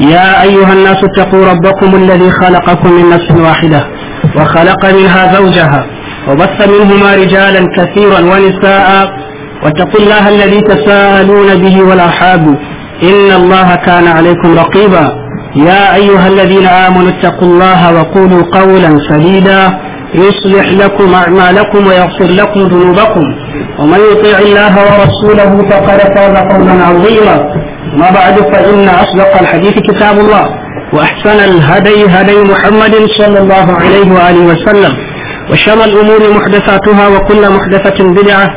يا أيها الناس اتقوا ربكم الذي خلقكم من نفس واحدة وخلق منها زوجها وبث منهما رجالا كثيرا ونساء واتقوا الله الذي تساءلون به والأحاب إن الله كان عليكم رقيبا يا أيها الذين آمنوا اتقوا الله وقولوا قولا سديدا يصلح لكم أعمالكم ويغفر لكم ذنوبكم ومن يطيع الله ورسوله فقد فاز فوزا عظيما ما بعد فإن أصدق الحديث كتاب الله وأحسن الهدي هدي محمد صلى الله عليه وآله وسلم وشر الأمور محدثاتها وكل محدثة بدعة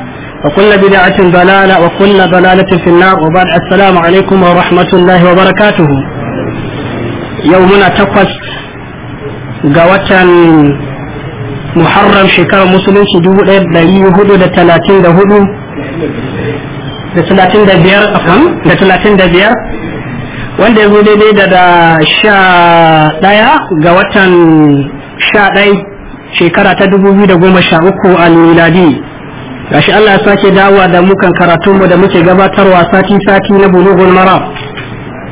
وكل بدعة ضلالة وكل ضلالة في النار وبعد السلام عليكم ورحمة الله وبركاته يومنا تقص قوة محرم شكاوى مسلم شدود لهدو da talatin da biyar da talatin da biyar wanda ya zo daidai da da sha ɗaya ga watan sha ɗai shekara ta dubu biyu da goma sha uku a miladi gashi Allah ya sake dawowa da mukan karatunmu da muke gabatarwa sati-sati na bulugun mara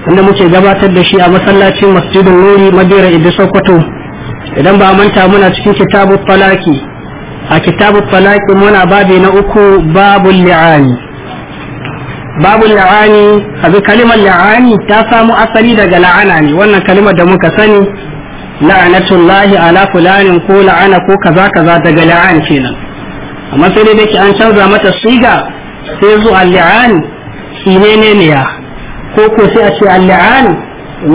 wanda muke gabatar da shi a masallacin masjidin nuri madira idan sokoto idan ba manta muna cikin kitabu falaki a kitabu falaki muna babi na uku babu li'ani babu la'ani kaga kalimar la'ani ta samu asali daga la'ana ne wannan kalimar da muka sani la'anatullahi ala fulanin ko la'ana ko kaza kaza daga la'an kenan amma sai dai dake an canza mata siga sai zu al-la'an ne ne ya ko ko sai a ce al-la'an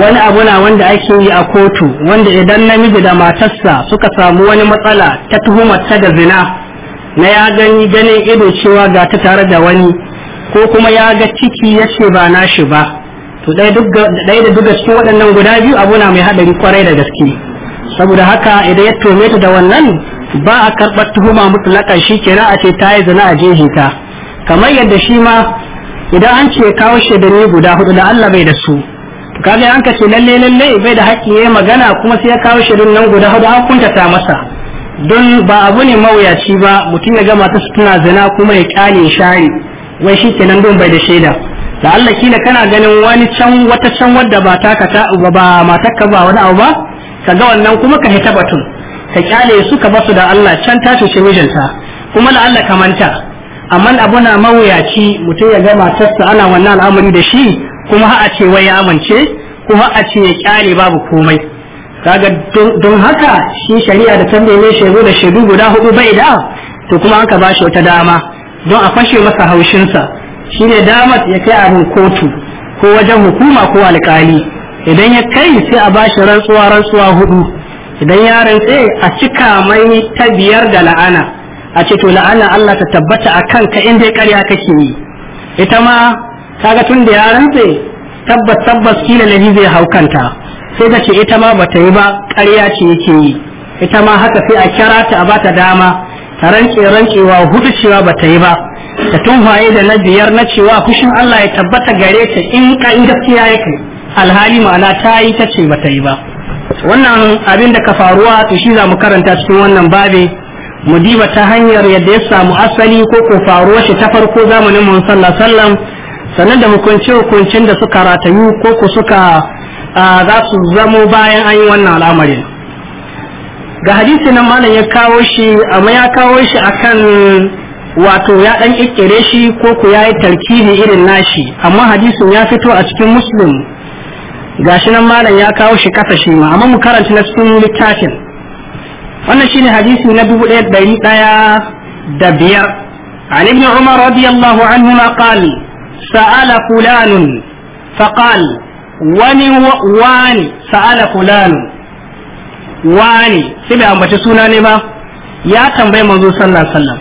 wani abu na wanda ake yi a kotu wanda idan namiji da matarsa suka samu wani matsala ta tuhumar ta da zina na ya gani ganin ido cewa ga ta tare da wani ko kuma ya ga ciki ya ce ba na shi ba to ɗaya da duka cikin waɗannan guda biyu abu na mai haɗari kwarai da gaske saboda haka idan ya tome ta da wannan ba a karɓar tuhuma mutlaka shi kenan a ce ta yi zina a jeji ta kamar yadda shi ma idan an ce kawo shaidanni guda hudu da Allah bai da su kaga an kace lalle lalle bai da haƙƙi yayi magana kuma sai ya kawo shaidan nan guda hudu an kunta ta masa don ba abu ne mawuyaci ba mutum ya gama ta su zina kuma ya kyale shari'a wai shi kenan don bai da shaida da Allah kila kana ganin wani can wata can wadda ba taka ta ba matakka ba wani abu ba ka ga wannan kuma ka hita batun ka kyale su ka basu da Allah can ta cuce ta kuma la Allah ka manta amma abu na mawuyaci mutum ya ga matarsa ana wannan al'amari da shi kuma ha a ce wai ya amince kuma a ce ya kyale babu komai kaga don haka shi shari'a da tambaye shi zo da shaidu guda hudu bai da to kuma an ka bashi wata dama don a fashe masa haushinsa shine damat ya kai abin kotu ko wajen hukuma ko alkali idan ya kai sai a bashi rantsuwa rantsuwa hudu idan ya rantse a cika mai ta biyar da la'ana a ce to la'ana Allah ta tabbata a kan ka in dai karya kake yi ita ma kaga tun da ya rantse tabbas tabbas kila lahi zai haukanta sai da ce ita ma bata yi ba karya ce yake yi ita ma haka sai a kira ta a bata dama rance rancewa hudu cewa ta yi ba ta tunhaye da na biyar na cewa kushin Allah ya tabbata gare ta in ka in gaskiya yake alhali ma'ana ta yi ta ce ba ta yi ba wannan abin da ka faruwa to shi za mu karanta cikin wannan babe mu diba ta hanyar yadda ya samu asali ko ko faruwa shi ta farko zamanin mun sallallahu sallam sannan da hukunce hukuncin da suka ratayu ko ko suka za su zamo bayan an yi wannan al'amarin ga hadisi nan malam ya kawo shi amma ya kawo shi akan wato ya dan ikkire shi ko ku yayi tarkihi irin nashi amma hadisin ya fito a cikin muslim gashi nan malam ya kawo shi kasa shi ma amma mu karanta na cikin littafin wannan shine hadisi na dubu ɗaya da biyar عن ابن عمر رضي الله عنهما قال سأل فلان فقال وني وان سأل فلان wani sai bai ambaci suna ne ba ya tambayi manzo sallallahu alaihi wasallam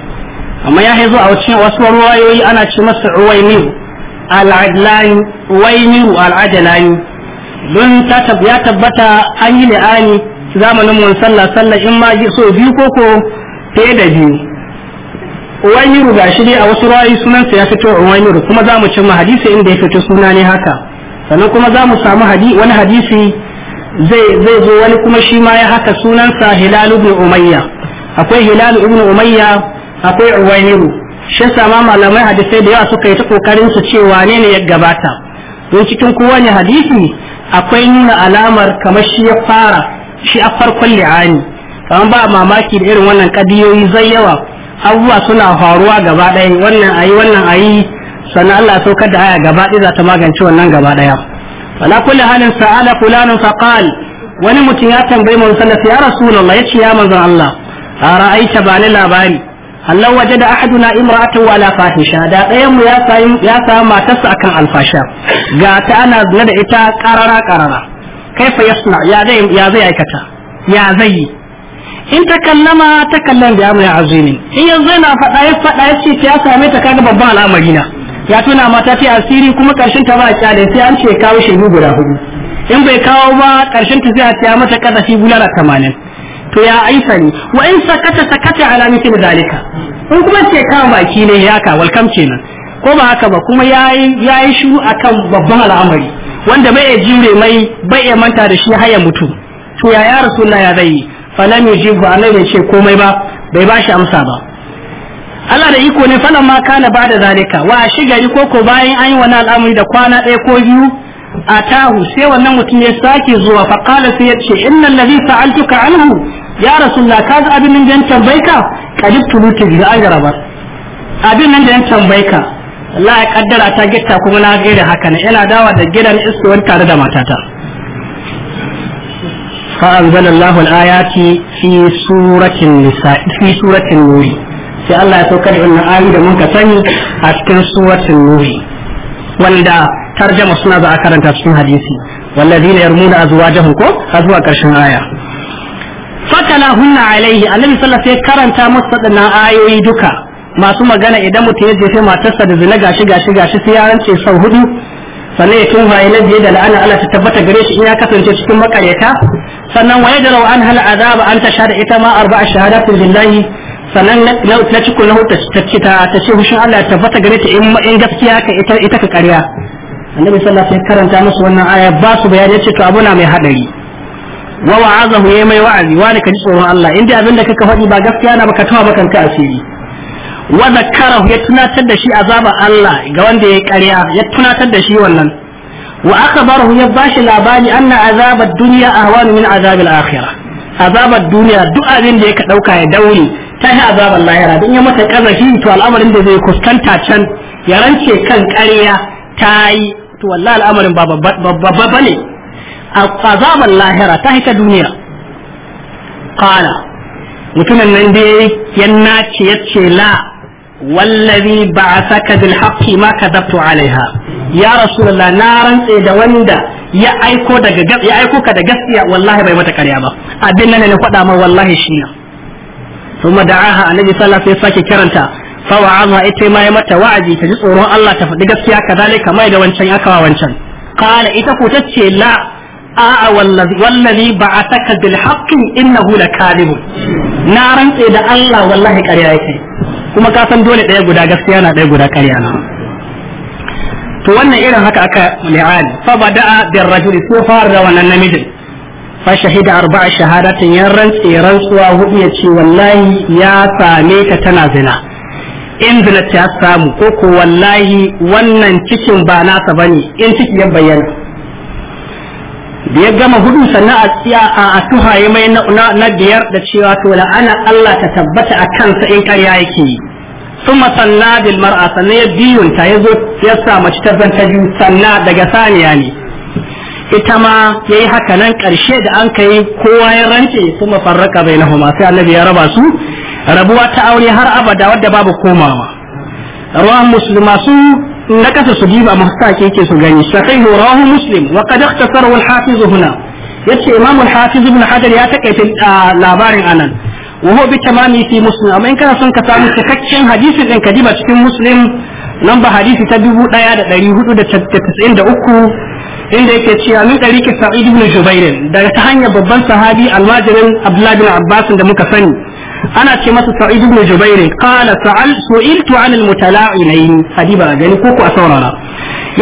amma ya haizo a cikin wasu ruwayoyi ana ce masa ruwaimiru al'adlani ruwaimiru al'adlani don ya tabbata an yi la'ani zamanin mun sallah sallah in ma ji so biyu ko ko fiye da biyu ruwaimiru ga shi dai a wasu ruwayoyi sunansa ya fito ruwaimiru kuma za mu ma hadisi inda ya fito suna ne haka sannan kuma za mu samu wani hadisi zai zai zo wani kuma shi ma ya haka sunansa hilal ibn umayya akwai hilal ibn umayya akwai uwayniru shi yasa ma malamai hadisai da yawa suka yi ta kokarin su ce wane ne ya gabata don cikin kowane hadisi akwai nuna alamar kamar shi ya fara shi a farkon li'ani kamar ba mamaki da irin wannan kadiyoyi zai yawa abubuwa suna faruwa gaba ɗaya wannan ayi wannan ayi sannan Allah saukar da aya gaba ɗaya za ta magance wannan gaba ɗaya ala kulli halin sa'ala fulanun faqal wani mutum ya tambayi manzon sallallahu ya rasulullah yace ya manzon Allah ara'aita ba ni labari Allah waje da ahaduna imra'atu ala fahisha da ɗayan mu ya samu ya samu matarsa akan alfasha ga ta ana zina da ita karara karara kaifa yasna ya zai ya zai aikata ya zai in ta kallama ta kallan da ya azumi in yanzu yana faɗa ya faɗa ya ce ta same ta kaga babban al'amari na ya tuna mata ta asiri kuma karshen ta ba kyale sai an ce kawo shehu guda hudu in bai kawo ba karshen ta zai a tsaya mata kada shi tamanin to ya aisa ne wa in sakata sakata ala mithli zalika in kuma ce kawo baki ne ya ka welcome kenan ko ba haka ba kuma yayi yayi shiru akan babban al'amari wanda bai ya jure mai bai ya manta da shi haya mutu to ya ya rasulullahi ya zai fa falam yujibu annabi ce komai ba bai bashi amsa ba Allah da iko ne falan ma kana ba da zalika wa shigari ko ko bayan an yi wani al'amari da kwana ɗaya ko biyu a tahu sai wannan mutum ya sake zuwa fa qala sai ya ce inna allazi fa'altuka anhu ya rasulullah ka ga abin nan da yan tambayka kadib tuluti bi ajra ba abin nan da yan tambayka Allah ya kaddara ta gitta kuma na da haka ne ina dawa da gidan wani tare da matata fa anzalallahu al-ayati fi suratin nisa fi suratin nuri sai Allah ya saukar da wannan ayi da mun ka sani a cikin suratul nuri wanda tarjama suna za a karanta cikin hadisi والذين يرمون أزواجهم كو hunna كرشن آية فكلهن عليه النبي صلى الله عليه وسلم كرنتا مصدنا آيوي duka. masu magana idan mutum ya je sai matarsa da zina gashi gashi gashi sai ya ce sau hudu sannan ya tun na biye da la'ana Allah ta tabbata gare shi in ya kasance cikin makaryata sannan waye da rawan hal azaba an da ita ma arba'a shahadatin billahi sannan na cikin na ta ce ta ce hushin Allah ya tabbata gare ta in gaskiya ka ita ita ka ƙarya annabi sallallahu alaihi wasallam karanta musu wannan aya ba su bayani ce to abuna mai hadari wa wa'azahu yayi mai wa'azi wani ka ji tsoron Allah in dai abin da kaka faɗi ba gaskiya na baka tawa bakan ka asiri wa zakarahu ya tunatar da shi azaba Allah ga wanda ya ƙarya ya tunatar da shi wannan wa akhbarahu ya bashi labari anna azabad dunya ahwanu min azabil akhirah azabar duniya duk abin da ka dauka ya daure ta yi azabar lahira don ya mata kazafi to al'amarin da zai kuskanta can ya rance kan ƙarya ta yi to wallahi al'amarin ba babba ba ne azabar lahira ta ta duniya qala mutumin nan dai ya nace ya ce la wallazi ba'athaka bil haqqi ma kadabtu alaiha ya rasulullah na rantse da wanda ya aiko daga ya aiko ka da gaskiya wallahi bai mata karya ba abin nan ne faɗa ma wallahi shi ne thumma da'aha annabi sallallahu alaihi wasallam sake karanta fa wa'aza ita ma mata wa'azi ta ji tsoron Allah ta faɗi gaskiya kazalika mai da wancan wa wancan qala ita ko tace la a'a wallazi wallazi ba'ataka bil haqqi innahu lakadib na rantse da Allah wallahi ƙarya yake kuma ka san dole ɗaya guda gaskiya na ɗaya guda ƙarya na to wannan irin haka aka li'ani fa bada'a bir rajuli so fara da wannan namijin fa shahida arba'a shahadatin ya rantse rantsuwa hudu ya ce wallahi ya same ta tana zina in zina ta samu ko ko wallahi wannan cikin ba nasa bane in ciki ya bayyana da ya gama hudu sannan a tsiya a atuha ya mai na biyar da cewa to la'ana Allah ta tabbata a kansa in karya yake yi ثم صلى بالمرأة sannan ya biyunta ya zo ya sa mace ta zanta biyu sannan daga saniya ne ita ma ya yi haka nan ƙarshe da an kai kowa ya rance su mafarraka bai na homa sai annabi ya raba su rabuwa ta aure har abada wadda babu komawa ruwan musulma su na kasa su biyu ba masu ke su gani sahihu rawahu muslim wa qad ikhtasara al hafi zuhuna, yace imam al-hafiz ibn hajar ya takaita labarin anan wa huwa bi tamami fi muslim amma in kana son ka samu cikakken hadisin din ka diba cikin muslim lamba hadisi ta uku. inda yake cewa min ɗari ki sa'id ibn jubair daga ta hanyar babban sahabi almajirin abdullahi bin abbas da muka sani ana ce masa sa'id ibn jubair qala sa'al su'iltu 'an al-mutala'inayn hadiba gani ko ku a saurara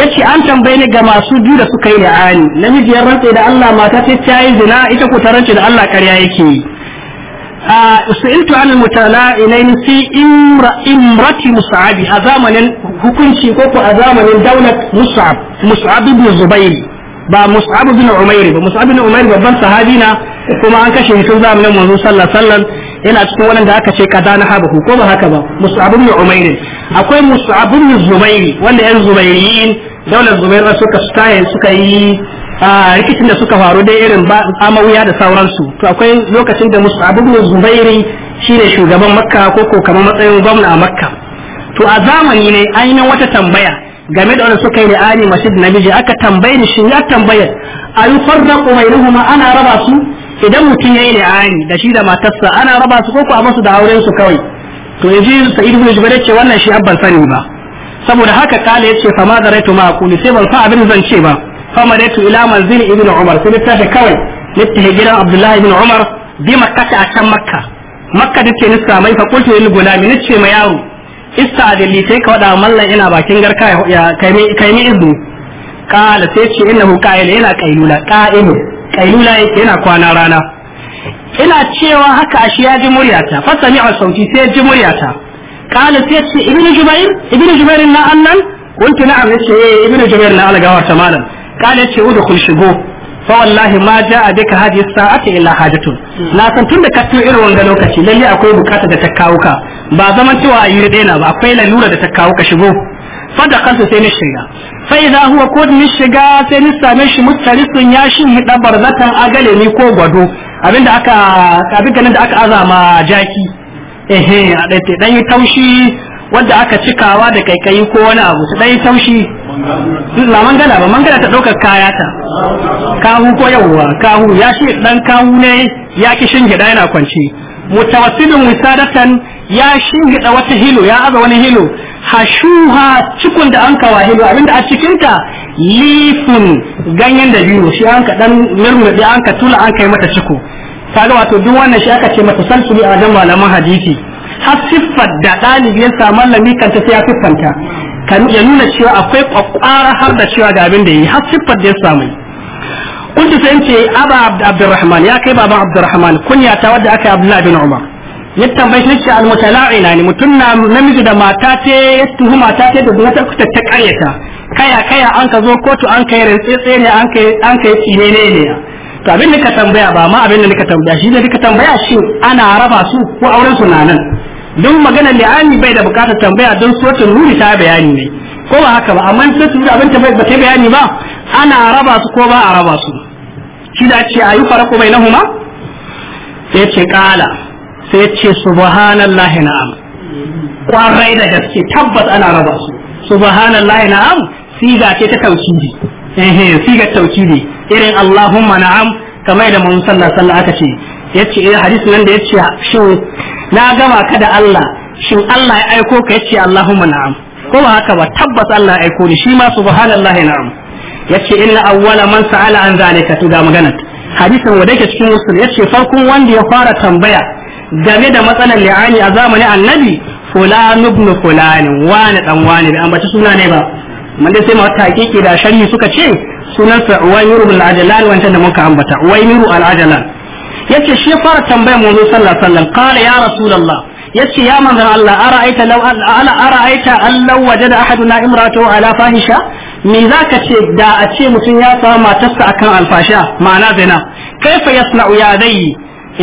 yace an tambaye ni ga masu biyu da suka yi la'ani namiji ya rantse da Allah mata ta yi zina ita ko ta rantse da Allah ƙarya yake su'iltu anil mutala ilaini fi imrati mus'ab a zamanin hukunci ko a zamanin daulat mus'ab mus'ab ibn zubair ba mus'ab ibn umair ba mus'ab ibn umair babban sahabi na kuma an kashe shi tun zamanin manzo sallallahu alaihi wasallam yana cikin wanda aka ce kaza na habahu ko ba haka ba mus'ab ibn umair akwai mus'ab ibn zubair wanda yan zubairiyin daular zubair suka yi rikicin da suka faru dai irin ba amawiya da sauransu to akwai lokacin da musu abu zubairi shine shugaban makka ko ko kamar matsayin gwamna a makka to a zamani ne an yi wata tambaya game da wanda suka yi ali masjid namiji aka tambaye ni shin ya tambaya ayu farraqu bainahuma ana raba su idan mutum yi da ali da shi da matarsa ana raba su ko ko a masu da auren su kawai to yaji sa'id ibn jubair ce wannan shi abban sani ba saboda haka kale yace fa ma zaraitu ma aqulu sai ban fa abin zan ce ba fama da tu ila manzili ibn umar sai littafi kawai littafi gidan abdullahi ibn umar bi makka a can makka makka da ce ni samai fa kultu lil gulami ma yaro ista'adili sai ka wada mallan ina bakin garka ya kai mi izu kala sai ce innahu qa'il yana qailula qa'ilu qailula yana kwana rana ina cewa haka ashe ji muryata fa sami'a sauti sai ji muryata kala sai na annan na kala ce wuda kun shigo fa wallahi ma jaa bika hadhihi sa'ati illa hajatun na san tunda ka tuyo irin wanga lokaci lalle akwai bukata da ta ka ba zaman a yi daina ba akwai lalura da ta ka shigo fa da kansa sai na shiga fa idza huwa ko ni shiga sai ni same shi mutarisun ya shi mi dabar zatan agale ni ko gwado abinda aka da aka azama jaki ehe yi taushi wanda aka cikawa da kaikayi ko wani abu su yi taushi na gada ba man gada ta ɗaukar kaya ta kahu ko yawwa kahu ya shi dan kahu ne ya ki shingida yana kwanci mutawassilin wisadatan ya shingida wata hilo ya aza wani hilo hashuha cikun da an kawa hilo abinda a cikinta lifin ganyen da biyu shi an ka dan murmurɗe an ka tula an kai mata ciko kaga wato duk wannan shi aka ce mata salsuli a wajen malaman hadisi har siffar da ɗalibi ya samu kanta sai ya siffanta kan ya nuna cewa akwai kwakwara har da cewa ga abin da yi har siffar da ya samu kunci sai ce aba abdurrahman ya kai baban abdurrahman kunya ta wadda aka yi abdullahi bin umar ya tambayi shi ce almutala'ina ne mutum na namiji da mata ce ya mata ce da wata kuta ta karyata kaya kaya an ka zo kotu an kai rantsetse ne an kai an kai tsine ne ne to abin da ka tambaya ba ma abin da ka tambaya shi ne ka tambaya shi ana raba su ko auren su na nan magana da li'ani bai da bukatar tambaya don suratul nuri ta bayani ne ko ba haka ba amma sai su abin ta bai ta bayani ba ana raba su ko ba a raba su shi da ce ayu faraku bainahuma sai ce kala sai ce subhanallahi na'am kwarai da gaske tabbas ana raba su subhanallahi na'am siga ce ta tauhidi eh siga tauhidi irin allahumma na'am kamar da mun sallallahu alaihi wasallam aka ce yace eh hadisi nan da yace shin na gama ka da Allah shin Allah ya aiko ka yace Allahumma na'am ko ba haka ba tabbas Allah ya aiko ni shi ma subhanallah na'am yace inna awwala man sa'ala an zalika to ga magana hadisin wanda dake cikin musul yace farkon wanda ya fara tambaya game da matsalar li'ani a zamanin annabi fulan ibn fulan wani dan wani da ambaci suna ne ba mun dai sai ma hakiki da sharhi suka ce sunansa sa uwaymiru al-ajlan wanda da muka ambata uwaymiru al-ajlan yace shi fara tambayar manzo sallallahu alaihi wasallam qala ya rasulullah yace ya manzon Allah ara'aita law ala ara'aita an law wajada ahaduna imratahu ala fahisha me ka ce da a ce mutum ya samu matarsa akan alfasha ma'ana zina kaifa yasna'u ya dai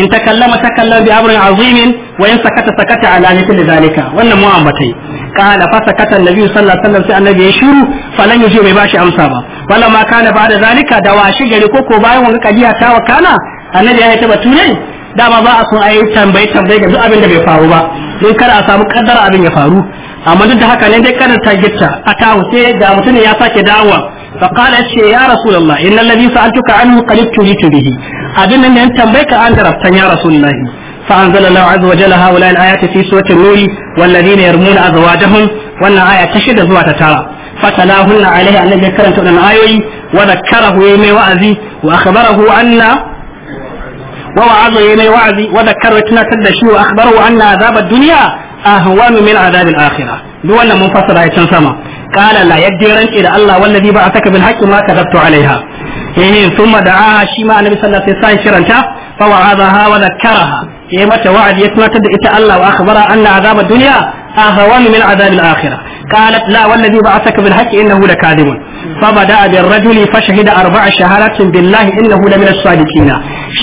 in takallama takallama bi amrin azimin wa in sakata sakata ala mithli zalika wannan mu ambatai قال فسكت النبي صلى الله عليه وسلم sai annabi ya shiru falan yaji ba shi amsa ba wala ma kana ba da zalika da washi gari ko ko bayan wani kadiya ta wakana annabi ya taba ture dama ba a son a yi tambaye tambaye ga duk abin da bai faru ba don kar a samu kaddara abin ya faru amma duk da haka ne dai kada ta gitta a tawo sai ga mutum ya sake dawowa fa qala shi ya rasulullah innal ladhi sa'altuka anhu qad tulitu bihi abin nan ne tambaye ka an daraftan ya rasulullah fa anzala Allah azza wa jalla haula al-ayati fi surati an-nur wal ladina yarmuna azwajahum wannan aya ta shida zuwa ta tara fatalahunna alaihi annabi karanta wannan ayoyi wa zakkarahu mai wa'azi wa akhbarahu anna wa wa'aza yana wa'azi wa dakkaru tunatar da shi wa akhbarahu anna azab ad-dunya ahwanu min azab al-akhirah duk wannan mun fassara ya can sama qala la yajran ila Allah a ba'athaka bil haqqi ma kadabtu alaiha eh thumma da'a shi ma annabi sallallahu alaihi wasallam sai shiranta fa wa'azaha wa da ita Allah wa akhbara anna azab ad-dunya ahwanu min azab al-akhirah قالت لا والذي بعثك بالحق انه لكاذب فبدا بالرجل فشهد اربع شهادات بالله انه لمن الصادقين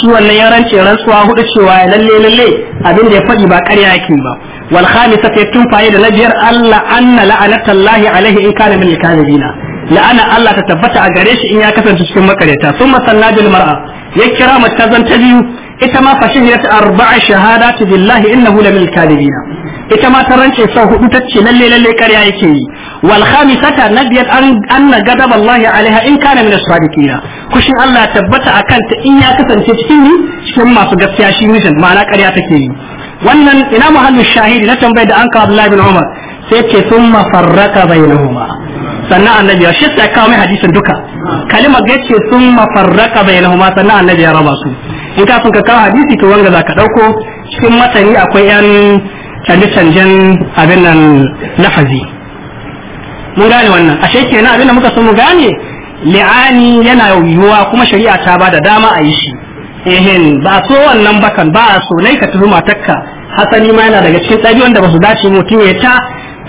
shi wannan ya rance rantsuwa hudu cewa ya lalle lalle abin da ya faɗi ba ƙarya yake ba wal khamisa ta tun fa'i da nabiyar Allah anna la'anata Allah alaihi in kana min likazibina la'ana Allah ta tabbata a gare shi in ya kasance cikin makareta sun masallajin mar'a ya kira mace zan ta biyu ita ma fashin ya arba'a shahadatu billahi innahu lamin likazibina ita ma ta rance sau hudu ta ce lalle lalle ƙarya yake yi wal khamisata nabiyat an anna gadab Allah alaiha in kana min as-sadiqin kushin Allah tabbata akan ta in ya kasance cikin ni cikin masu gaskiya shi mishin ma'ana ƙarya take yi wannan ina muhallin shahidi na tambayar da an ka Abdullahi bin Umar sai sannan annabi ya shi ta kawo mai hadisin duka kalimar ga ce thumma farraka bainahuma sannan annabi ya raba su in ka sun ka kawo hadisi to wanga zaka dauko cikin matani akwai yan canje-canjen abin nan lafazi mun gane wannan ashe kenan abinda muka so mu gane li'ani yana yiwuwa kuma shari'a ta ba da dama a yi shi ehin ba so wannan bakan ba a so nai ka tuhuma takka hasani ma yana daga cikin ɗabi'un da ba su dace mutum ya ta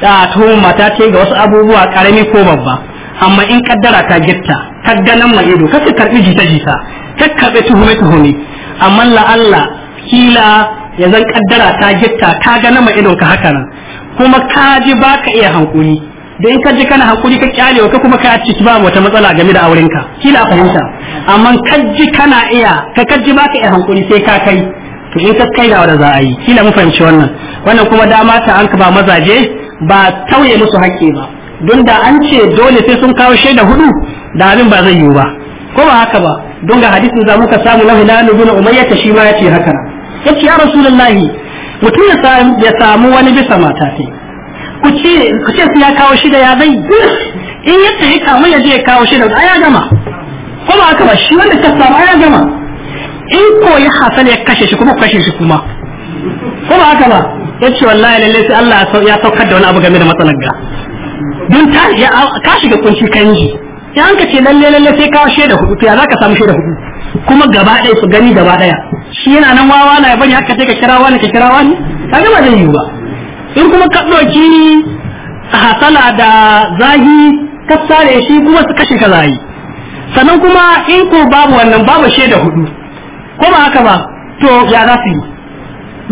a tuhuma ta ce ga wasu abubuwa karami ko babba amma in kaddara ta gitta kaddanan ma ido kaka karbi jita jita ta karbi tuhume tuhume amma la Allah kila ya zan kaddara ta gitta ka ga na ma idon ka haka nan kuma ka ji baka iya hankuri da in ka ji kana hakuri ka kyale ka kuma ka ci ba wata matsala game da auren ka kila fahimta amma kaji kana iya ka kaji ba baka iya hankuri sai ka kai to in ka kai da wanda za a yi kila mu fahimci wannan wannan kuma dama ta an ka ba mazaje ba tauye musu haƙƙi ba don da an ce dole sai sun kawo shaida hudu da abin ba zai yiwu ba ko ba haka ba don ga hadisin za ka samu na hilalu bin umayyah shi ma yace haka yace ya rasulullahi mutum ya samu wani bisa mata sai ku ce ku ce su ya kawo shida ya zai in ya tafi kamun ya je ya kawo shida ai ya gama ko ba ba shi wanda ka samu ya gama in ko ya hasala ya kashe shi kuma kashe shi kuma ko ba haka ba ya ce wallahi lalle sai Allah ya saukar da wani abu game da matsalar ga don ta ya ka shiga kunshi kanji ya an ka ce lalle lalle sai kawo shaida hudu ya za zaka samu shaida hudu kuma gaba ɗaya su gani gaba ɗaya shi yana nan wawa na ya bani haka sai ka kira wani ka kira wani ka gama zai yiwu ba in kuma ka ɗauki hasala da zahi ka sare shi kuma su kashe ka zahi sannan kuma in ko babu wannan babu shaida hudu ko ba haka ba to ya za su yi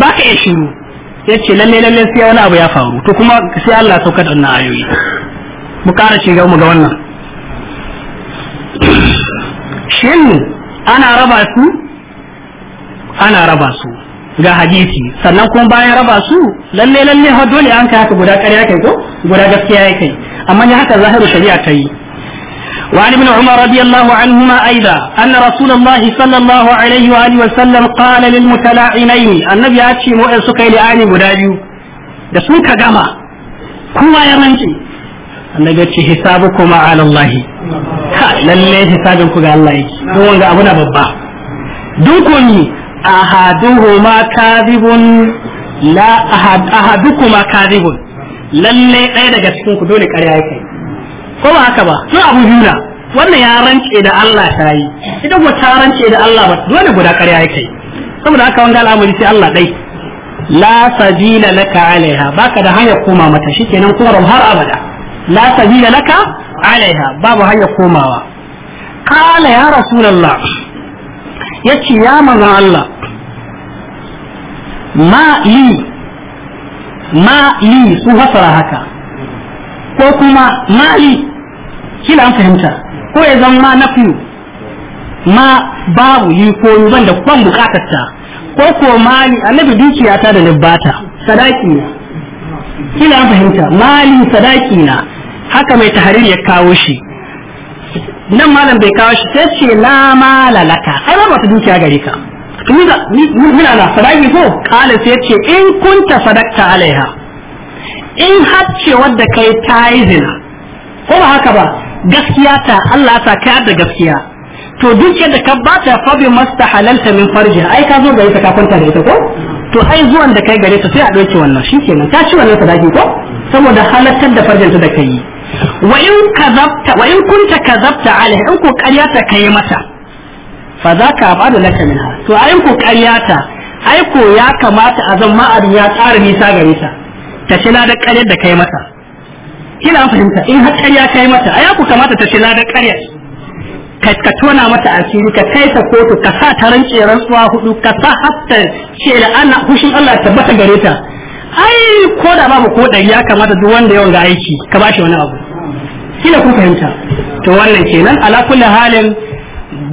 ba ka iya shiru ya ce lalle lalle sai wani abu ya faru to kuma sai Allah sauka da wannan ayoyi mu kara shiga mu ga wannan shin ana raba su ana raba su ga hadisi sannan kuma bayan raba su lalle lalle har dole an kai haka guda ƙarya kai ko guda gaskiya ya kai amma ne haka zahiru shari'a ta yi وعن ابن عمر رضي الله عنهما أيضا أن رسول الله صلى الله عليه وآله وسلم قال للمتلاعنين النبي أتشي مؤل سكي لآني بداجو دسوك جمع كوا يرنجي النبي أتشي حسابكما على الله للي حسابكم على الله دون أبونا ببا دون كوني ahaduhuma kadibun la ahad ahadukuma kadibun lalle ɗaya daga cikin ku dole ƙarya yake ko ba haka ba to abu juna wannan ya rance da Allah ta yi idan ko ta rance da Allah ba dole guda ƙarya yake saboda haka wanga al'amari sai Allah dai la sabila laka alaiha baka da hanya koma mata shikenan kuma har abada la sabila laka alaiha babu hanya komawa qala ya rasulullah yace ya manzo Allah ma li su hasara haka ko kuma ma kila an fahimta ko ya zama na fiyu ma babu yi ko ban da kwan bukatar ta ko ko mali annabi dukiya ta da libbata sadaki na kila an fahimta mali sadaki na haka mai tahariri ya kawo shi nan malam bai kawo shi sai ce la mala ai ba ta dukiya gare ka tunda muna da sadaki ko kala sai ce in kunta sadakta alaiha in hacce wadda kai ta yi zina ko ba haka ba gaskiya ta Allah ta kai da gaskiya to duk yadda ka ba ta fa masta mastahalalta min farji ai ka zo gare ta ka kwanta da ita ko to ai zuwan da kai gare ta sai a ɗauki wannan shikenan ta ci wannan sadaki ko saboda halattar da farjinta da kai wa in wa in kunta kazabta alaiha in ko ƙarya ta kai mata fa za ka ba da laka minha to ai ko ƙaryata ai ko ya kamata a zan ma abin ya tsara nisa gare ta ta shi da ƙaryar da kai mata kina fahimta in har ƙarya kai mata ai ko kamata ta shi da ƙaryar ka ka tona mata asiri ka kai ta kotu ka sa ta rance rantsuwa hudu ka sa hatta ce da ana hushin Allah tabbata gare ta ai ko da babu ko da ya kamata duk wanda yawan ga aiki ka bashi wani abu kila kun fahimta to wannan kenan ala kulli halin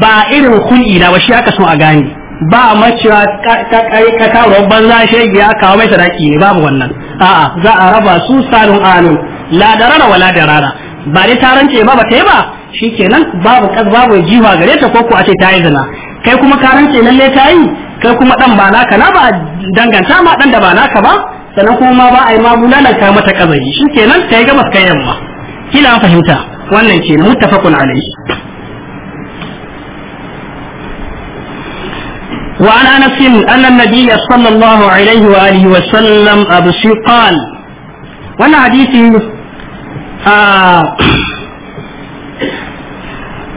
ba irin kul'i na ba shi aka so a gane ba a macewa ka kawo banza shege ya kawo mai sadaki ne babu wannan a'a za a raba su salon anun la darara wala darara ba dai tarance ba ba ta yi ba shikenan babu kas babu jiwa gare ta ko a ce ta yi zina kai kuma karance lalle ta yi kai kuma dan ba naka na ba danganta ma dan da ba naka ba sannan kuma ba a yi ma bulalanta mata kazari shikenan ta yi gabas kai yamma kila fahimta wannan ce muttafaqun alaihi وعن أنس أن النبي صلى الله عليه وآله وسلم أبصر قال وانا حديثي آه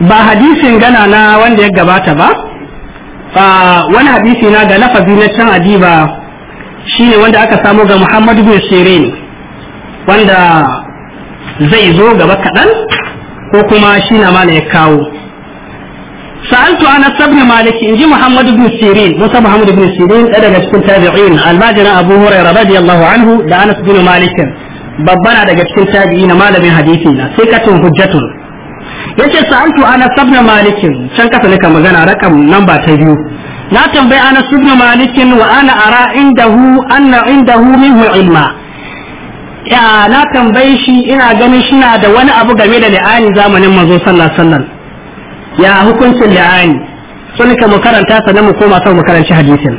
ba hadisin gana na wanda ya gabata ba wani hadisi na da lafazi na can adiba shine wanda aka samo ga muhammadu bin sirin wanda zai zo gaba kaɗan ko kuma shi na mana ya kawo sa'altu anas ibn malik inji muhammad ibn sirin musa muhammad ibn sirin da daga cikin tabi'in almajina abu hurairah radiyallahu anhu da anas ibn malik babbana daga cikin tabi'in malamin hadisi na sai ka tun. hujjatun yace sa'altu ana sabna malikin can kasa ne ka magana rakam ba ta biyu na tambayi ana sabna malikin wa ana ara indahu anna indahu minhu ilma ya na tambayi shi ina ganin shi na da wani abu game da li'ani zamanin manzo sallallahu alaihi wasallam ya hukuncin la'ani sun ka mu karanta na mu koma sau mu karanci hadisin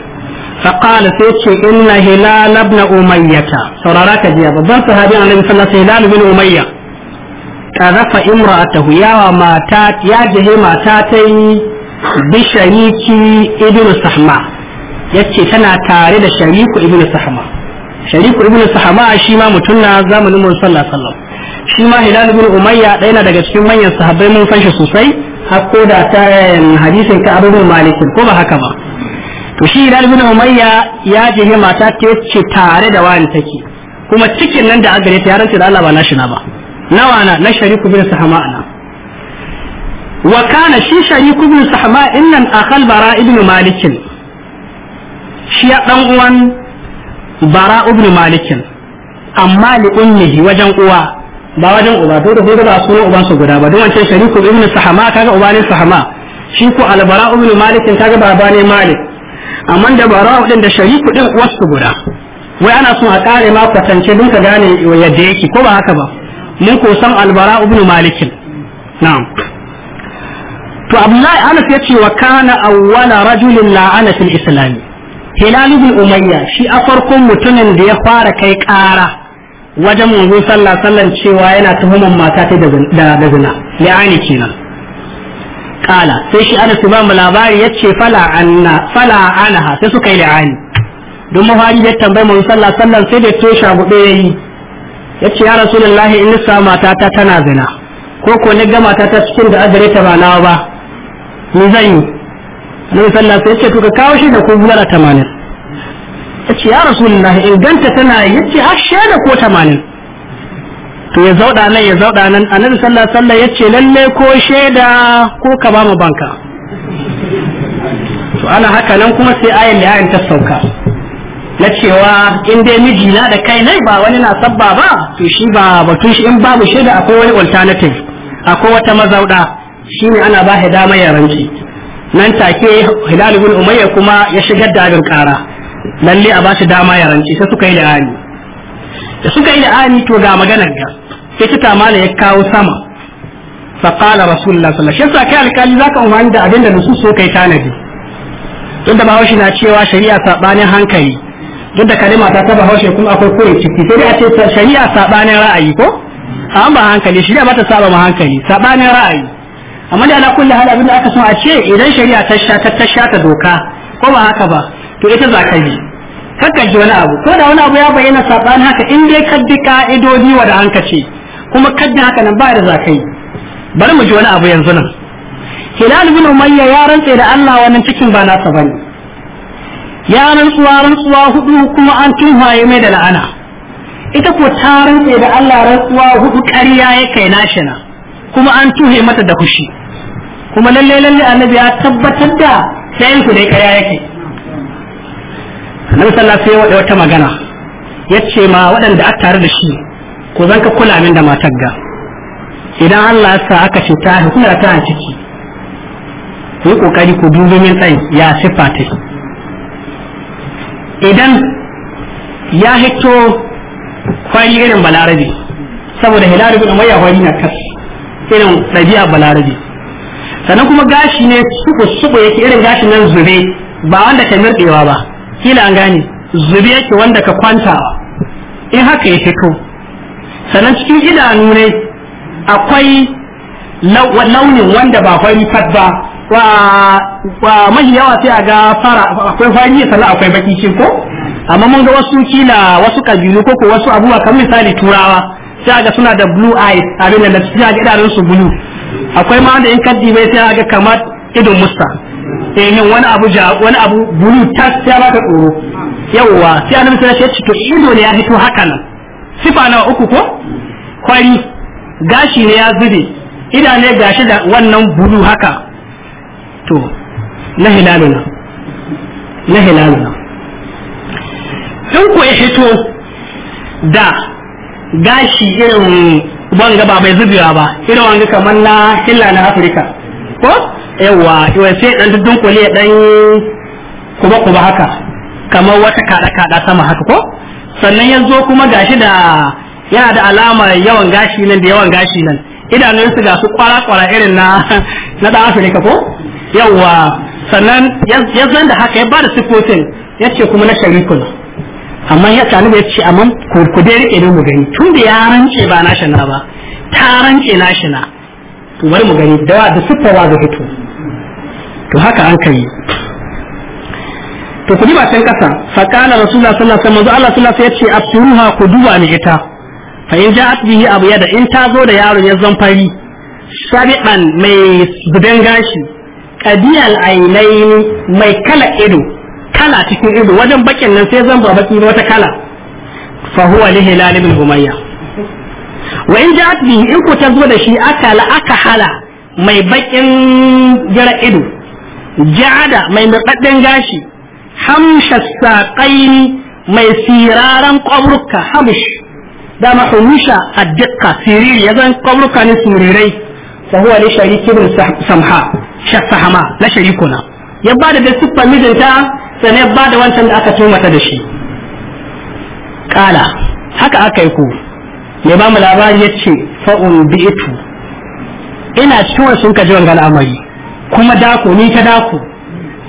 فقال سيتشي إن هلال بن أمية سرارك جيا ببن صحابي عليه الصلاة والسلام هلال بن أمية قذف امرأته يا ما تات يا جهي ما تاتي بشريك ابن سحمة yace tana tare da shariku ibn sahma. shariku ibn sahma shi ma na zamanin mun sallallahu alaihi wasallam shi ma hilal ibn umayya ɗaya daga cikin manyan sahabbai mun san shi sosai hakko da ta hadisin ka abin malikin ko ba haka ba to shi da ibn umayya ya je mata ta ce tare da wani take kuma cikin nan da aka gare ta ya rantsa da Allah ba nashi na ba nawa na na shariku bin sahama wa kana shi shariku bin sahama innan akhal bara ibn malikin shi ya dan uwan bara ibn malikin amma li ummihi wajen uwa ba wajen uba dole da ko ba su uban su guda ba don wancan shariku ibn sahama kaga uba ne sahama shi ko albara ibn malik kaga baba ne malik amma da bara din da shariku din wasu guda wai ana son a kare ma kwatance don ka gane yadda yake ko ba haka ba mun ko san albara ibn malik na'am to abdullahi anas yace wa kana awwala rajulin la'ana fil islam hilal ibn umayya shi a farkon mutumin da ya fara kai kara wajen manzo sallah sallan cewa yana tuhuman mata ta da zina li'ani kenan kala sai shi ana su bamu labari ya ce fala anna fala anaha sai suka yi li'ani don mafari ya tambayi manzo sallah sallan sai da tosha buɗe ya yi ya ce ya rasulullahi in nisa mata ta tana zina ko ko ni ga mata ta cikin da azare ta ba nawa ba ni zan yi annabi sallah sai ya ce to ka kawo shi da ko bulala tamanin ya ce ya rasulullahi inganta tana yace ce har shaida ko tamanin to ya zauɗa nan ya zauɗa nan annabi sallallahu alaihi ya ce lalle ko shaida ko ka ba mu banka to ana haka nan kuma sai ayan da ayin ta sauka na cewa in dai miji na da kai nai ba wani na sabba ba to shi ba batun shi in babu shaida akwai wani alternative akwai wata mazauɗa shi ne ana ba shi dama ya ranci nan take hilal ibn umayya kuma ya shigar da abin kara lalle a bashi dama ya rance sai suka yi la'ani da suka yi la'ani to ga maganar ga sai kita mala ya kawo sama fa qala rasulullah sallallahu alaihi wasallam shi alkali zaka umarni da abinda nusu so kai tanadi tunda da bahaushe na cewa shari'a sabanin hankali duk da kalima ta taba haushe kuma akwai koyi ciki sai dai a ce shari'a sabanin ra'ayi ko an ba hankali shari'a ba ta saba ma hankali sabanin ra'ayi amma da ala kulli hal abinda aka so a ce idan shari'a ta sha ta sha ta doka ko ba haka ba to ita za ka yi haka ji wani abu ko da wani abu ya bayyana saɓani haka in dai ka bi ka'idodi wa da an ka ce kuma kadda haka nan ba da za ka yi bari mu ji wani abu yanzu nan hilal bin umayya ya rantse da Allah wannan cikin ba nasa bane ya rantsuwa rantsuwa hudu kuma an tunhaye mai da la'ana ita ko ta rantse da Allah rantsuwa hudu ƙarya ya kai nashina kuma an tuhe mata da kushi kuma lalle lalle annabi ya tabbatar da sayin ku dai ƙarya yake nan sallah sai wada wata magana yace ma waɗanda aka tare da shi ko zan ka kula min da matar ga idan Allah ya sa aka ce ta hukumar ta ciki ku yi kokari ku dubi min tsayi ya sifa ta idan ya hito kwari irin balarabe saboda hilalu bin mai kwari na kas irin ɗabi'a balarabe sannan kuma gashi ne suku suku yake irin gashi nan zube ba wanda ta mirɗewa ba kila an gane zubi yake wanda ka kwanta in haka ya fito sannan cikin idanu ne akwai launin wanda ba fari fat ba wa mahi yawa sai a ga fara akwai fari sannan akwai baki shi ko amma mun ga wasu kila wasu kabilu ko ko wasu abubuwa kamar misali turawa sai a ga suna da blue eyes abin da sai a ga idanun su blue akwai ma wanda in kaddi bai sai a ga kamar idon musta sai yin wani abu ja wani abu bulu ta ta baka tsoro yawwa sai annabi sallallahu alaihi wasallam ya ce ido ne ya fito haka nan sifa na uku ko kwari gashi ne ya zube idane gashi da wannan bulu haka to na hilaluna na na, in ku hito da gashi irin wanga ba bai zubewa ba irin wanga kamar na hilla na afirka ko yawa yawa sai dan dunkule ya dan kuma kuma haka kamar wata kada kada sama haka ko sannan yanzu kuma gashi da yana da alama yawan gashi nan da yawan gashi nan idanunsu ga su kwara kwara irin na na da Afirka ko yawa sannan yanzu da haka ya bada sifofin yace kuma na sharikul amma ya sani bai ce amma ku dai rike mu gani tun da ya rance ba na shana ba ta rance na shana to bari mu gani da da siffa wa ga fito to haka an kai to ku ba can kasa fa kana rasulullah sallallahu alaihi wasallam Allah sallallahu alaihi wasallam yace ku duba ni ita fa in ja'at bihi yada in ta zo da yaron ya zamfari shari'an mai gudan gashi qadiyal ainaini mai kala ido kala cikin ido wajen bakin nan sai zan ba baki wata kala fa huwa li hilal ibn humayya wa in ja'at bihi in ku ta zo da shi akala aka hala mai bakin jira ido jada mai murɗaɗɗen gashi hamsha saƙaini mai siraran ƙwabrukka da dama a addikka siriri ya zan ƙwabrukka ne surirai fa huwa li bin samha shasahama la sharikuna ya ba da siffar mijinta sannan ya ba da wancan da aka tumata da shi kala haka aka yi ku mai ba mu labari ya ce fa'un bi'itu ina ciwon sun ka ji wanga al'amari kuma dako ni ta dako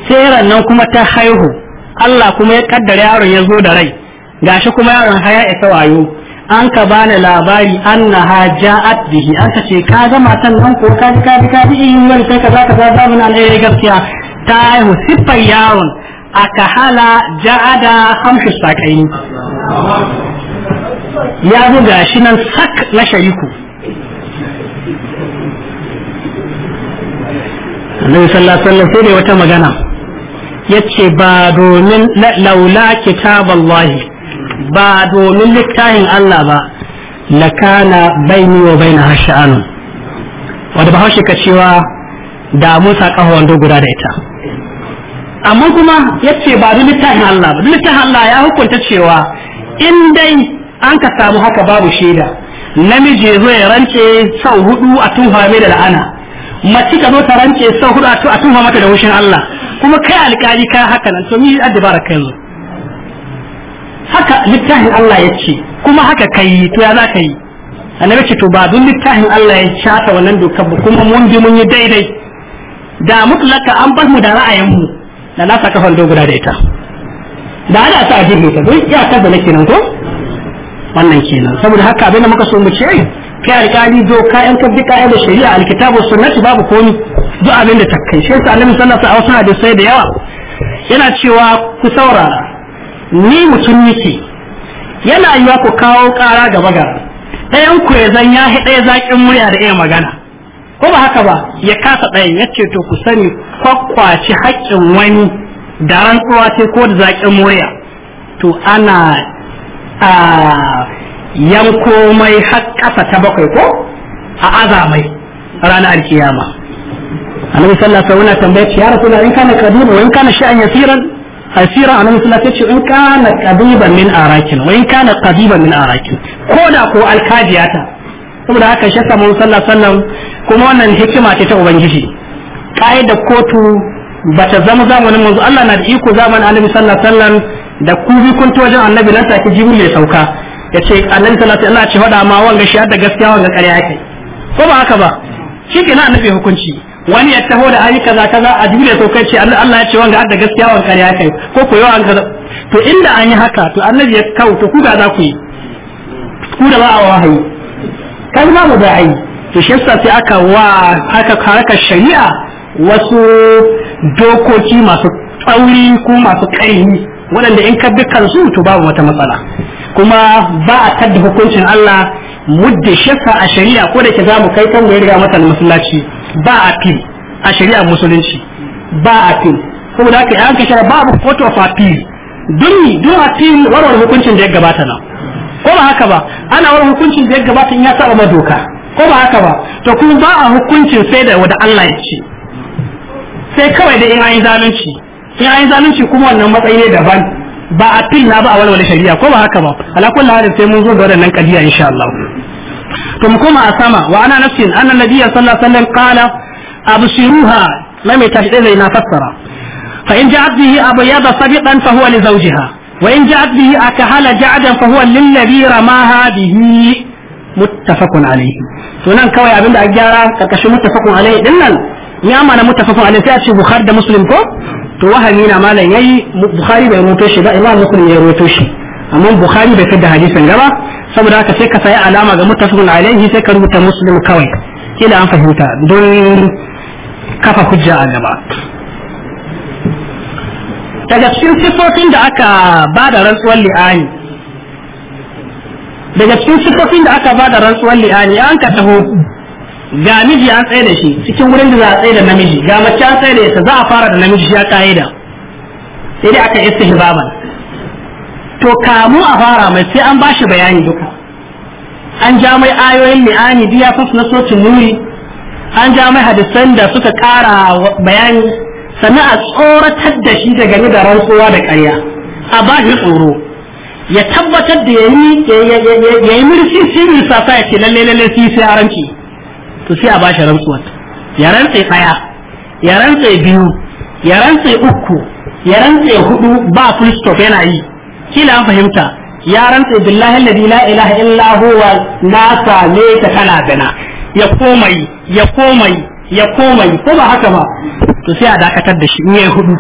sai rannan kuma ta haihu Allah kuma ya kaddare yaron ya zo da rai gashi kuma yaron haya isa wayo an ka bani labari annaha ja'at bihi an ka ce ka ga matan nan ko ka ji ka ji ka ji in wani za ka za zamu nan eh gaskiya ta haihu siffan yaron aka hala ja'ada hamshu sakaini ya zo gashi nan sak na shariku zai sallallahu sai da wata magana ya ce ba domin laula kitaballahi ba domin littafin Allah ba lakana baini wa baina hasha'anun wanda ba haushe ka cewa da musa kafa wando guda da ita amma kuma ya ce ba domin littafin Allah ba littafin Allah ya hukunta cewa in dai an ka samu haka babu shaida namiji zo ya rance sau hudu a tuhume da la'ana mace ka zo ta rance sau hudu a tuha mata da wushin Allah kuma kai alƙali ka haka nan to mi addabara kai yanzu haka littafin Allah ya ce kuma haka kai to ya za ka yi annabi ce to ba dun littafin Allah ya shafa wannan doka ba kuma mun bi mun yi daidai da mutlaka an bar mu da ra'ayin mu da na saka hando guda da ita da ana sa ajin ne ta don iyakar da nake nan ko wannan kenan saboda haka abinda muka so mu ce kai alƙali do ka yan kabbi da shari'a alkitabu sunnati babu komi duk abin da takkai shi yasa annabi sallallahu alaihi wasallam da sai da yawa yana cewa ku saurara ni mutum nake yana yiwa ku kawo ƙara gaba gara ɗayan ku ya zan ya hi ɗaya zaƙin murya da iya magana ko ba haka ba ya kasa ɗayan ya ce to ku sani kwakwaci haƙƙin wani da rantsuwa ce ko da zaƙin murya to ana a Yan komai har ƙasa ta bakwai ko a azamai ranar alkiyama annabi sallallahu alaihi wasallam tambaye ce ya rasulullah in kana kadiba wa in kana sha'an yasiran asira annabi sallallahu alaihi wasallam in kana kadiba min arakin wa in kana kadiba min arakin ko da ko alkajiyata saboda haka shi sallallahu alaihi wasallam kuma wannan hikima ce ta ubangiji da kotu bata zama zamanin manzo Allah na da iko zaman annabi sallallahu alaihi wasallam da ku bi kun wajen annabi nan ki jibril ya sauka yace ce sallallahu talatin wasallam ce faɗa ma wanga shi da gaskiya wanga ƙarya yake ko ba haka ba shi ke na annabi hukunci wani ya taho da ayi kaza kaza a da to kai ce Allah ya ce wanga da gaskiya wanga ƙarya yake ko ko yawan kaza to inda an yi haka to annabi ya kawo to ku ga za ku yi ku da ba a wahayi kai ma mu da ai to shi yasa sai aka wa aka karaka shari'a wasu dokoki masu tsauri ko masu ƙarfi waɗanda in ka bi kansu to babu wata matsala kuma ba a tadda hukuncin Allah mudda shakka a shari'a ko da ke za mu kai kan ya riga mata musulunci ba a fil a shari'a musulunci ba a fil saboda kai an kashara babu court of appeal dun a fil warware hukuncin da ya gabata na ko ba haka ba ana warwar hukuncin da ya gabata in ya saba ma doka ko ba haka ba to kuma ba a hukuncin sai da wanda Allah ya ce sai kawai da in an yi zalunci in an yi zalunci kuma wannan matsayi ne daban ba a na ba a walwala shari'a ko ba haka ba ala kullu halin sai mun zo da wannan kadiya insha Allah to mu koma a sama wa ana na anna nabiyya sallallahu alaihi wasallam qala abshiruha mai mai zai na fassara fa in ja'at bihi abyada sabiqan fa huwa li zawjiha wa in ja'at bihi akahala ja'dan fa huwa lil ladhi ramaha bihi muttafaqun alayhi to nan kawai abinda a gyara karkashin muttafaqun alayhi nan. ya mana mutafafin alai sai a ce bukhari da muslim ko to wahami na malam yayi bukhari bai roto shi ba imam muslim ya roto shi amma bukhari bai fitar da hadisin gaba saboda haka sai ka sayi alama ga mutafafin alaihi sai ka rubuta muslim kawai kila an fahimta don kafa hujja a gaba daga cikin siffofin da aka ba da rantsuwar li'ani daga cikin siffofin da aka ba da rantsuwar li'ani an ka taho ga miji an tsaye da shi cikin wurin da za a tsaye da namiji ga mace an tsaye da ita za a fara da namiji ya ka'ida sai dai aka hibaban to kamu a fara mai sai an bashi bayani duka an ja mai ayoyin li'ani biya fas na sotin nuri an ja mai hadisan da suka kara bayani sannan a tsoratar da shi daga ni da rantsuwa da karya a ba shi tsoro ya tabbatar da ya yi mirsi sirri sasa ya ce lalle lalle sai ranci. to sai a bashi rantsuwar ya rantse ɗaya ya rantse biyu ya rantse uku ya rantse hudu ba full stop yana yi kila an fahimta ya rantse billahi alladhi la ilaha illa huwa na same ta kana gana ya komai ya komai ya komai ko ba haka ba to sai a dakatar da shi in yayi hudu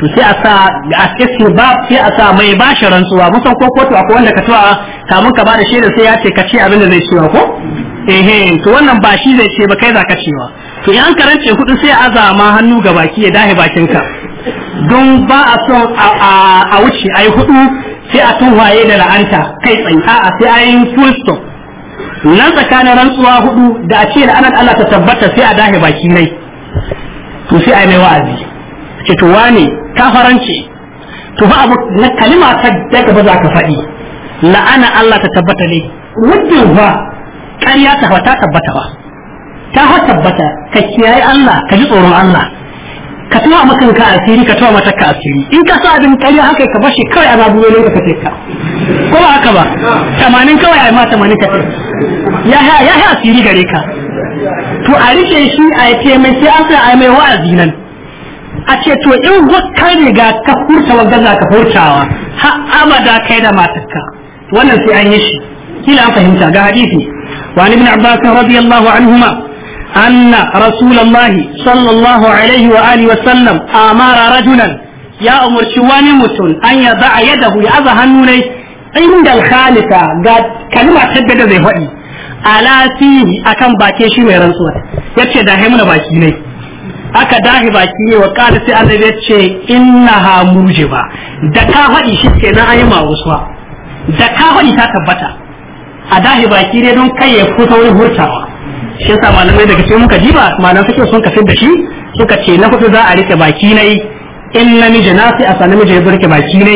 to sai a sa a cikin bab sai a sa mai bashi rantsuwa musan ko kotu akwai wanda ka tuwa kamun ka ba da shaida sai ya ce ka ci abin da zai ciwa ko ehe to wannan ba shi zai ce ba kai zaka cewa to in an karance hudu sai azama hannu ga baki ya dahe bakinka don ba a son a wuce a yi hudu sai a tun waye da la'anta kai tsaye a'a sai a yi full stop nan tsakanin rantsuwa hudu da a ce la'anar Allah ta tabbata sai a dahe baki nai to sai a yi mai wa'azi ce to wane farance to fa abu na kalima ta daga ba za ka faɗi la'ana Allah ta tabbata ne muddin fa ƙarya ta ta tabbata ba ta ha tabbata ka kiyaye Allah ka ji tsoron Allah ka tuwa makan ka asiri ka tuwa mata ka asiri in ka sa abin ƙarya haka ka bashi kawai a babu wani ka kace ka ko ba haka ba tamanin kawai ai ma tamanin ka ya ha ya ha asiri gare ka to a rike shi a yi mai sai an sai a mai wa'azi nan a ce to in wakar riga ka furta wa gaza ka furtawa ha abada kai da matarka wannan sai an yi shi kila an fahimta ga hadisi وعن ابن عباس رضي الله عنهما أن رسول الله صلى الله عليه وآله وسلم أمر رجلا يا أمر شوان متون أن يضع يده يأذى هنوني عند الخالقة قد كلمة تبدأ ذي هدي على فيه أكم باكي شي ويرنسوة يبشي داهي من باكي ني aka dahi baki ne wa kada sai annabi ya ce innaha mujiba da ka faɗi shi kenan an yi mawusuwa da ka faɗi ta tabbata a dahi baki ne don kai ya fito wani hurtawa shi yasa malamai daga cikin muka jiba malamai suke sun kafin da shi suka ce na hudu za a rike baki ne in namiji na sai a sa namiji ya rike baki ne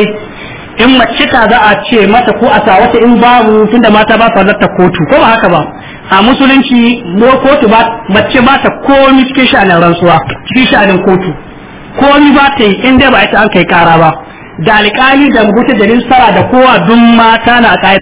in mace ta za a ce mata ko a sa wata in babu tunda mata ba su ta kotu ko ba haka ba a musulunci mo kotu ba mace ba ta komi cikin sha'anin rantsuwa cikin sha'anin kotu komi ba ta yi in dai ba ita an kai kara ba da alƙali da mutu da sara da kowa dun mata na ƙayar